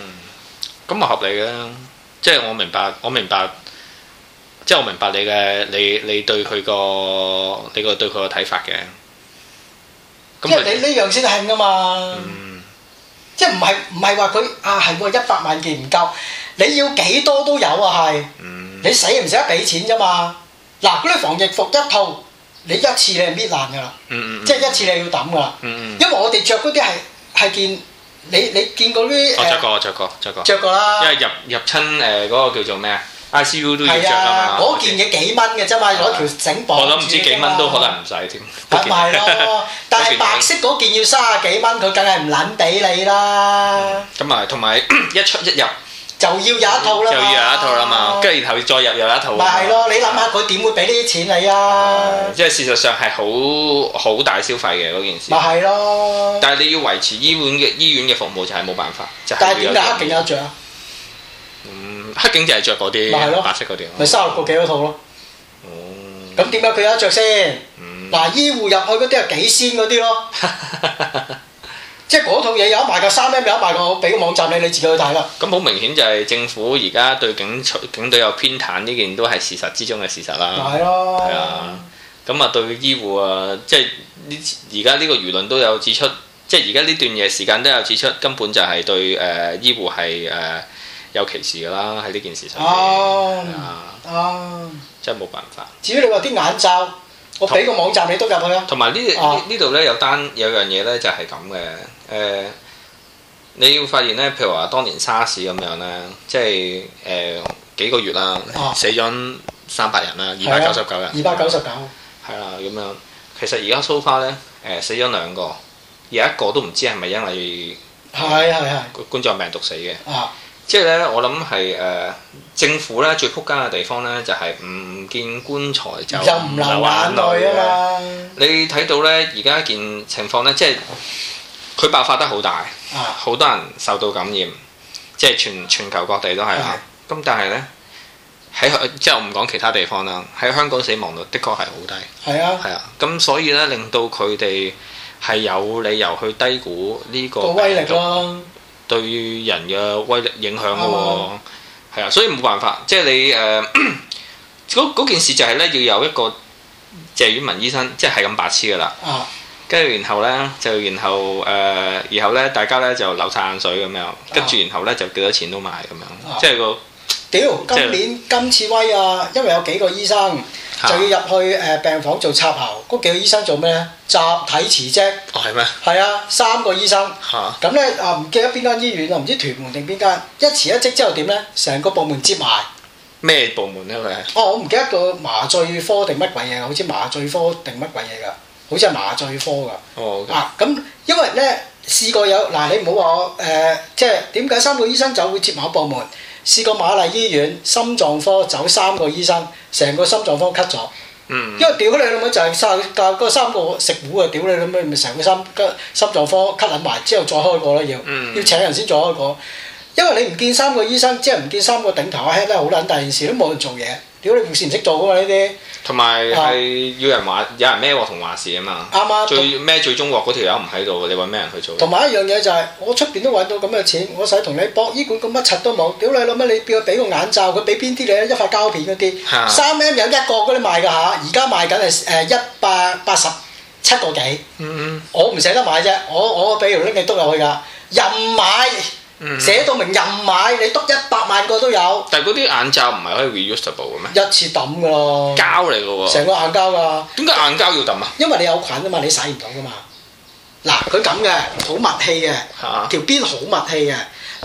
咁啊合理嘅，即係我明白，我明白。即係我明白你嘅，你你對佢個，你個對佢個睇法嘅。即係你呢樣先興㗎嘛！即係唔係唔係話佢啊係個一百萬件唔夠，你要幾多都有啊係。你捨唔捨得俾錢啫嘛？嗱，嗰啲防疫服一套，你一次你係搣爛噶啦。即係一次你要抌噶。因為我哋著嗰啲係係見你，你見過啲。哦，著過，著過，著過。著過啦。因為入入親誒嗰個叫做咩啊？I C U 都要着啊嘛！嗰件嘢幾蚊嘅啫嘛，攞條繩綁住我諗唔知幾蚊都可能唔使添。唔係咯，但係白色嗰件要三十幾蚊，佢梗係唔撚俾你啦。咁啊，同埋一出一入就要有一套啦嘛，就要有一套啦嘛，跟住然後再入又一套。咪係咯，你諗下佢點會俾呢啲錢你啊？即係事實上係好好大消費嘅嗰件事。咪係咯。但係你要維持醫院嘅醫院嘅服務就係冇辦法。但係點解黑警有著啊？嗯。黑警就係着嗰啲，白色嗰啲，咪三十個幾嗰套咯。咁點解佢有得著先？嗱、嗯啊，醫護入去嗰啲係幾仙嗰啲咯。即係嗰套嘢有得賣個三 M，有得賣個，俾個網站你你自己去睇啦。咁好、嗯、明顯就係政府而家對警隊警隊有偏袒呢件都係事實之中嘅事實啦。嗯、就咯、係。係啊。咁啊，對醫護啊，即係呢？而家呢個輿論都有指出，即係而家呢段嘢時間都有指出，根本就係對誒、呃、醫護係誒。呃呃呃有歧視㗎啦，喺呢件事上面，啊，真係冇辦法。至於你話啲眼罩，我俾個網站你都入去啊。同埋呢呢呢度咧有單有樣嘢咧就係咁嘅，誒，你要發現咧，譬如話當年沙士 r 咁樣咧，即係誒幾個月啦，死咗三百人啦，二百九十九人，二百九十九，係啊，咁樣。其實而家蘇花咧，誒死咗兩個，有一個都唔知係咪因為係係係冠狀病毒死嘅啊。即係咧，我諗係誒政府咧最撲街嘅地方咧，就係、係、唔見棺材就唔流眼淚啊嘛！你睇到咧而家件情況咧，即係佢爆發得好大，好、啊、多人受到感染，即係全全球各地都係啦。咁是、啊嗯、但係咧喺即係我唔講其他地方啦，喺香港死亡率的確係好低，係啊，係啊。咁所以咧令到佢哋係有理由去低估呢個，個威力咯。對人嘅威力影響嘅喎，係啊，所以冇辦法，即係你誒嗰、呃、件事就係咧要有一個謝婉文醫生，即係係咁白痴嘅啦。跟住、啊、然後咧就然後誒、呃，然後咧大家咧就流曬眼水咁樣，跟住然後咧就幾多錢都買咁樣，啊、即係個屌今年、就是、今次威啊，因為有幾個醫生。就要入去誒病房做插喉，嗰幾個醫生做咩咧？集體辭職。哦，係咩？係啊，三個醫生。嚇！咁咧啊，唔、啊、記得邊間醫院啦，唔知屯門定邊間？一辭一職之後點咧？成個部門接埋。咩部門咧？佢係？哦，我唔記得個麻醉科定乜鬼嘢，好似麻醉科定乜鬼嘢㗎？好似係麻醉科㗎。哦、okay. 啊。啊，咁因、呃就是、為咧試過有嗱，你唔好話我誒，即係點解三個醫生就會接埋某部門？試過瑪麗醫院心臟科走三個醫生，成個心臟科 cut 咗，嗯、因為屌你老母就係、是、三個食糊啊！屌你老母咪成個心、就是、心臟科 cut 撚埋，之後再開個啦要，嗯、要請人先再開個，因為你唔見三個醫生，即係唔見三個頂頭阿 head 咧，好撚大件事都冇人做嘢。屌你護士唔識做噶嘛呢啲，同埋係要人話 有人孭同話事啊嘛。啱啱、嗯、最孭最終鑊嗰條友唔喺度喎，你揾咩人去做？同埋一、就是、樣嘢就係我出邊都揾到咁嘅錢，我使同你搏醫館咁乜柒都冇。屌你老乜？你叫佢俾個眼罩佢俾邊啲你？一塊膠片嗰啲，三、啊、M 有一個嗰啲賣㗎嚇，而家賣緊係誒一百八十七個幾。嗯嗯，我唔捨得買啫，我我俾條拎你督入去㗎，唔買。嗯、寫到明任買，你篤一百萬個都有。但係嗰啲眼罩唔係可以 reusable 嘅咩？一次抌㗎喎，膠嚟嘅喎，成個眼膠㗎。點解都眼膠要抌啊？因為你有菌啊嘛，你洗唔到㗎嘛。嗱，佢咁嘅，好密氣嘅，啊、條邊好密氣嘅。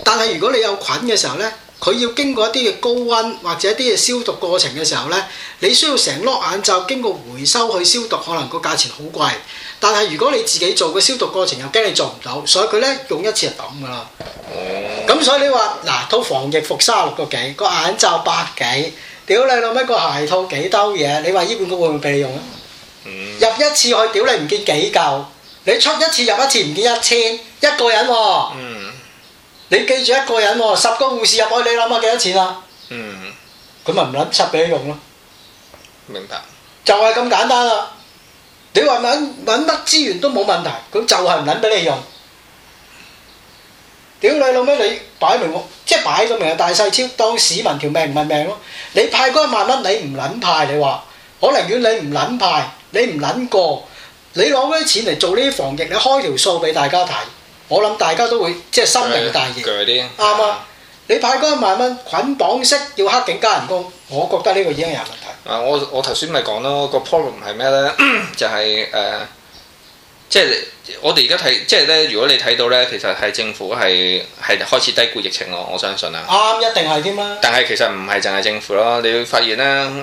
但係如果你有菌嘅時候咧，佢要經過一啲嘅高溫或者一啲嘅消毒過程嘅時候咧，你需要成碌眼罩經過回收去消毒，可能個價錢好貴。但係如果你自己做個消毒過程又驚你做唔到，所以佢咧用一次就抌噶啦。咁、嗯、所以你話嗱，套防疫服卅六個幾，個眼罩百幾，屌你老咩個鞋套幾兜嘢，你話醫管局會唔會俾你用啊？嗯、入一次去屌你唔見幾舊，你出一次入一次唔見一千一個人喎，哦。嗯。你記住一個人，哦，十個護士入去，你諗下幾多錢啊？嗯。咁咪唔撚七俾你用咯。明白。就係咁簡單啦。你話揾揾乜資源都冇問題，佢就係唔撚俾你用。屌你老咩，你擺明喎，即係擺咗明係大細超，當市民條命唔係命咯。你派嗰一萬蚊你唔撚派，你話我寧願你唔撚派，你唔撚過，你攞嗰啲錢嚟做呢啲防疫，你開條數俾大家睇，我諗大家都會即係深明大義，啱啊，呃。你派嗰一萬蚊捆綁式要黑警加人工，我覺得呢個已經係問題。啊，我我頭先咪講咯，個 problem 係咩咧？ 就係、是、誒。呃。即係我哋而家睇，即係咧。如果你睇到咧，其實係政府係係開始低估疫情咯。我相信啊，啱一定係添啦。但係其實唔係淨係政府咯。你會發現咧，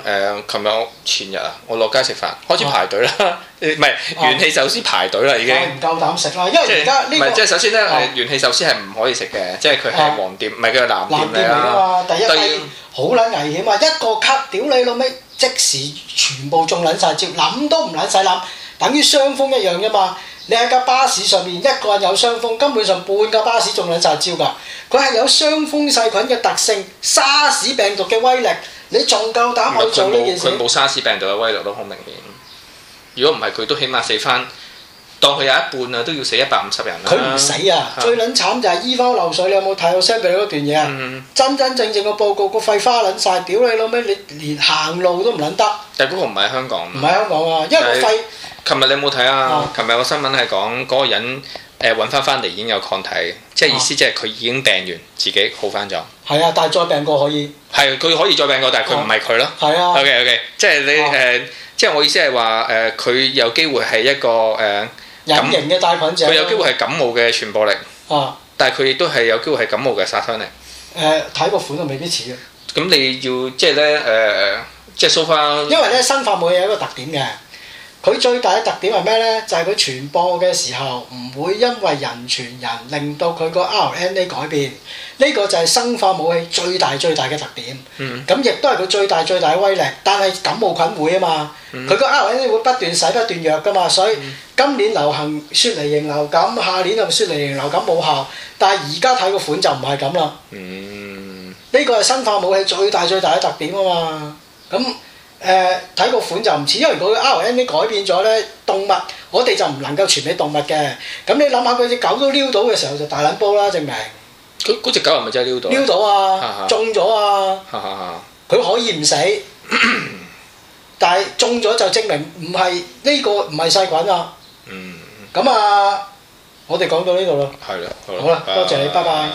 誒，琴日前日啊，我落街食飯開始排隊啦，唔係元氣壽司排隊啦，已經。我唔夠膽食啦，因為而家呢唔係即係首先咧，元氣壽司係唔可以食嘅，即係佢係黃店，唔係佢係藍店嚟嘅嘛。第一，好撚危險啊！一個級，屌你老尾，即時全部中撚晒，招，諗都唔撚使諗。等於傷風一樣啫嘛！你喺架巴士上面，一個人有傷風，根本上半架巴士仲撚晒招㗎。佢係有傷風細菌嘅特性，沙士病毒嘅威力，你仲夠膽去做呢件事？佢冇沙士病毒嘅威力都好明顯。如果唔係，佢都起碼死翻，當佢有一半啊，都要死一百五十人。佢唔死啊！最撚慘就係醫翻流水。你有冇睇我 send 俾你嗰段嘢啊？真真正正個報告個廢花撚晒，屌你老味！你連行路都唔撚得。但嗰個唔喺香港。唔喺香港啊，因為個肺。琴日你有冇睇啊？琴、啊、日個新聞係講嗰個人誒揾翻翻嚟已經有抗體，即係意思即係佢已經病完，自己好翻咗。係啊，但係再病過可以。係，佢可以再病過，但係佢唔係佢咯。係啊。啊 OK OK，即係你誒、啊啊，即係我意思係話誒，佢、呃、有機會係一個誒、呃、隱形嘅帶菌者。佢有機會係感冒嘅傳播力。啊！但係佢亦都係有機會係感冒嘅殺傷力。誒、呃，睇個款都未必似嘅。咁你要即係咧誒，即係 so far。因為咧，新發冇有一個特點嘅。佢最大嘅特點係咩呢？就係佢傳播嘅時候唔會因為人傳人令到佢個 RNA 改變，呢、呢個就係生化武器最大最大嘅特點。咁亦都係佢最大最大嘅威力。但係感冒菌會啊嘛，佢個、嗯、RNA 會不斷洗不斷藥㗎嘛，所以、嗯、今年流行雪梨型流感，下年就雪梨型流感冇效。但係而家睇個款就唔係咁啦。呢個係生化武器最大最大嘅特點啊嘛。咁。誒，睇個款就唔似，因為佢 RNA 改變咗咧，動物我哋就唔能夠傳俾動物嘅。咁你諗下，佢隻狗都撩到嘅時候就大撚煲啦，證明。佢嗰隻狗係咪真係撩到？撩到啊！哈哈中咗啊！佢哈可以唔死，嗯、但係中咗就證明唔係呢個唔係細菌啊。嗯。咁啊，我哋講到呢度咯。係啦。好啦，好的 uh, 多謝你，拜拜。